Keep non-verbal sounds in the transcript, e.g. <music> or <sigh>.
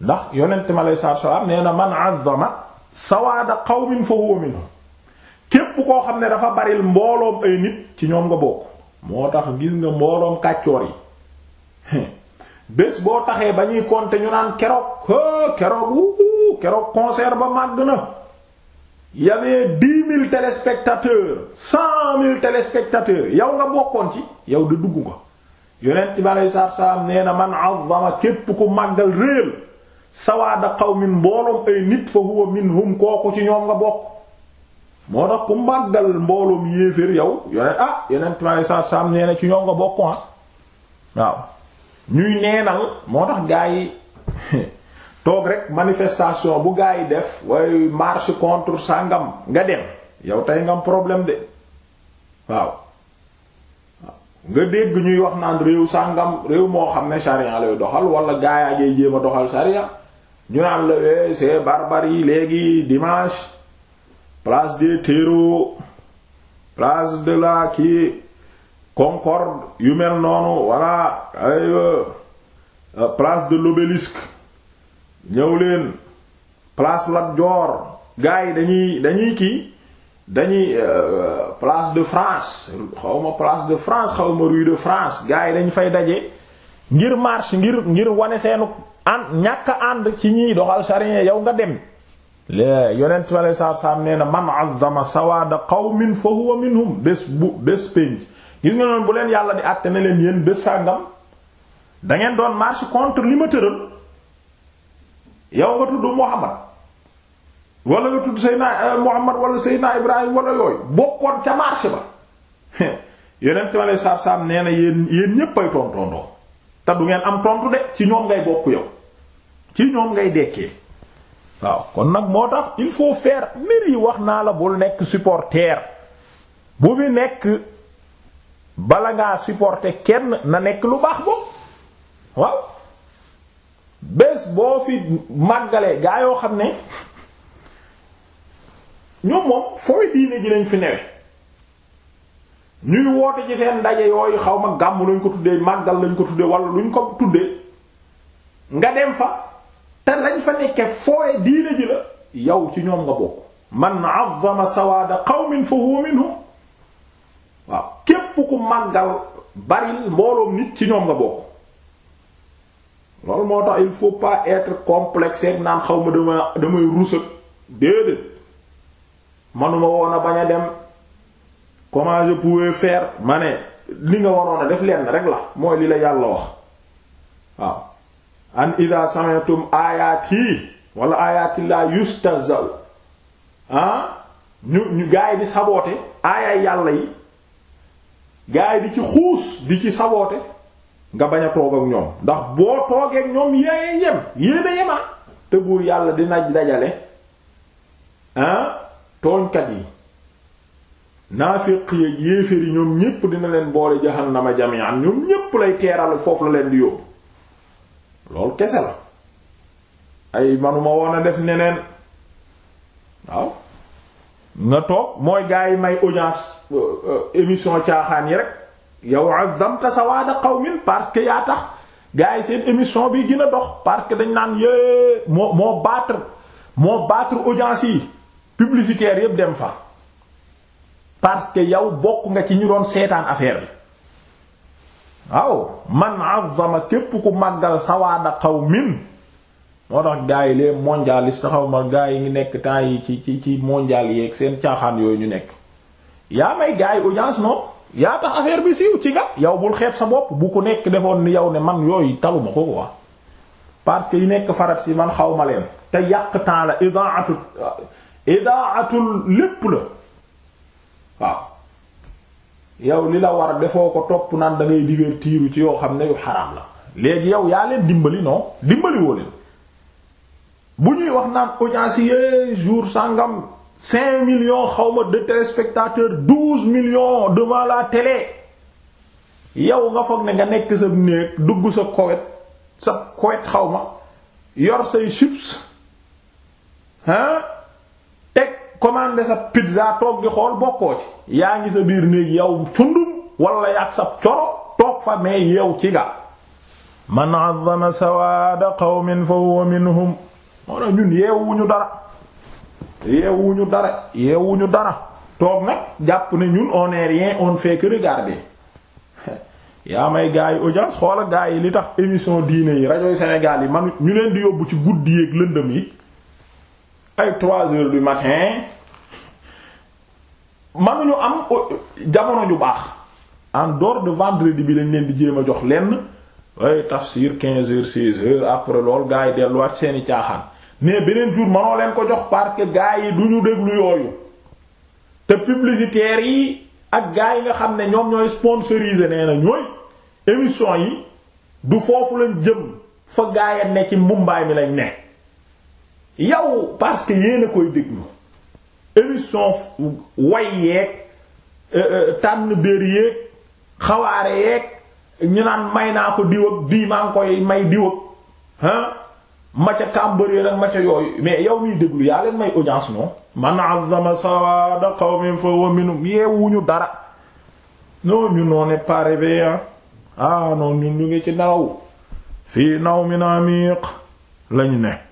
ndax yonent mi aleyhi salaatu nee na man azzama sawaada qawmin fa huwa minhum képp koo xam ne dafa baril mbooloom ay nit ci ñoom nga moo tax gis nga mbooloom kàccoor yi boo taxee ba ñuy compter ñu naan keroog keroog keroog concert ba màgg na y avait dix mille cent mille téléspectateurs yow nga bokkoon ci yow di dugg ko yonent bi aleyhi nee na man azzama képp ku màggal réel sawaada qawmin mbooloom ay nit fa huwa minhum kooku ci ñoom nga bokk moo tax ku màggal mbooloom yéeféer yow yoneen ah yeneen time ci ñoom bokk ah waaw ñuy neenal moo tax gaa yi <laughs> toog rek manifestation bu gaa yi def waaye marche contre sangam nga dem yow tey nga problème de waaw nga dégg ñuy wax naan réew sàngam réew moo xam ne sharia lay doxal wala gaa yaa jéem a doxal sharia ñu naan la we eh, c'est barbarie léegi dimanche place des terreaux place de la kii Concorde yu mel noonu voilà ay euh, euh, place de l'obélisque ñëw leen place Lat Dior gars yi dañuy dañuy kii dañuy euh, place de France xawma place de France xawma rue de France gars yi dañ fay daje ngir marche ngir ngir wane seenu ànd ñàkk ànd ci ñiy doxal sharia yow nga dem lée yonent bi alei saatu salaam nee na man azzama sawaada qawmin fa huwa minhum bés bu gis nga noonu bu leen yàlla di àtte leen yéen bés doon marche contre li ma tëral yow nga tudd Muhammad wala nga tudd Seydina euh, Muhammad wala Seydina Ibrahim wala yooyu bokkoon ca <laughs> nee na yéen yéen ñépp ay tontontoo te du ngeen am tontu de ci ñoom ngay bokk yow ci ñoom ngay dekkee waaw kon nag moo tax il faut faire mbir wax naa la bul nekk supporter bu fi nekk bala ngaa supporter kenn na nekk lu baax boobu waaw bés boo fi màggalee gaa yoo xam ne ñoom moom fooy diine ji lañ fi newe ñuy woote ci seen ndaje yooyu xaw ma gàmm lañ ko tuddee màggal lañ ko tuddee wala luñ ko tuddee nga dem fa te lañ fa nekke fooye diine ji la yow ci ñoom nga bokk man azzama sawaada qawmin fa huwa minhum waaw képp ku màggal baril mbooloom nit ci ñoom nga bokk loolu moo tax il faut pas être complexé ak naan xaw ma dama damay rusak déedéet manuma woon a bañ a dem comment je pouvais faire ma ne li nga waroon a def leen rek la mooy li la yàlla wax waaw an ida sami'tum ayati wala ayati la yustahzaw ah ñu ñu gaa yi di saboote aayaay yàlla yi gaa di ci xuus di ci saboote nga bañ a toog ak ñoom ndax boo toogee ñoom yéen yem yéen a yema ah. te buur yàlla dina dajale ah tooñkat yi naafiq yi yéeféer yi ñoom ñépp dina leen boole jahannama jami'an ñoom ñépp lay teeral foofu la leen di yóbbu loolu kese la ay manuma woon a def neneen waaw nga toog mooy gaa yi may audience euh, euh, émission caaxaan yi rek yow azamta sawaada qawmin parce que yaa tax gaa yi seen émission bi gën a dox parce que dañ naan yée moo moo battre moo battre audience yi publicitaire yépp dem fa parce que yow bokk nga ci ñu doon seetaan affaire bi aw man azama képp ku màggal xaw qawmin moo tax gars yi les mondialistes taxaw ma gaa yi ngi nekk temps yi ci ci ci mondial yeeg seen caaxaan yooyu ñu nekk yaa may gars yi audience non yaa tax affaire bi siiw ci nga yow bul xeeb sa bopp bu ko nekk defoon ni yow ne man yooyu taluma ko quoi parce que yi nekk farat si man xaw ma leen te yàq temps la idaatu idaatul lépp la waaw yow li la war defoo ko topp naan dangay ngay divertiru ci yoo xam ne yu xaraam la léegi yow yaa leen dimbali non dimbali woo leen bu ñuy wax naan audience yee eh, jour sangam cinq millions xawma de téléspectateurs douze millions devant la télé yow nga foog ne nga nekk sa néeg dugg sa kowet sa kowet xawma yor say chips hein commandé sa pizza toog di xool bokkoo ci yaa ngi sa biir néeg yow cundum wala yàq sa coro toog fa mais yow ci ga man àzzama sawaada qawmin fa huwa minhum moo na ñun yeewuñu dara yeewuñu dara yeewuñu dara toog nag jàpp ne ñun on est rien on fait que regarder <laughs> yaa may gars yi audience xoola gars yi li tax émission diine yi rajo senegal yi man ñu leen di yóbbu ci guddi yeeg lëndëm yi ay trois heures du matin mënuñu am jamono ju baax en dehors de vendredi bi lañ leen di jéem a jox lenn ay tafsir quinze heures seize heures après lool gars yi delluwaat seeni caaxaan mais beneen jour mënoo leen ko jox parce que yi du ñu déglu yooyu te publicitaires yi ak gars yi nga xam ne ñoom ñooy sponsorisé nee na ñooy émission yi du foofu lañ jëm fa gaayam ne ci mbumbaay mi lañ ne yow parce que yéen a koy déglu émission way yeeg euh, euh, tànn béer yeeg xawaare yeeg ñu naan may naa ko diw ak dii koy may diw ak ma ca kàmbërie nag ma yooyu mais yow miy déglu yaa leen may audience non man azama sawada qawmin fa huwa minhum yeewuñu dara non ñun on n'est pas ah non ñun ñu ngi ci nelaw fii nawmin amiq lañu ne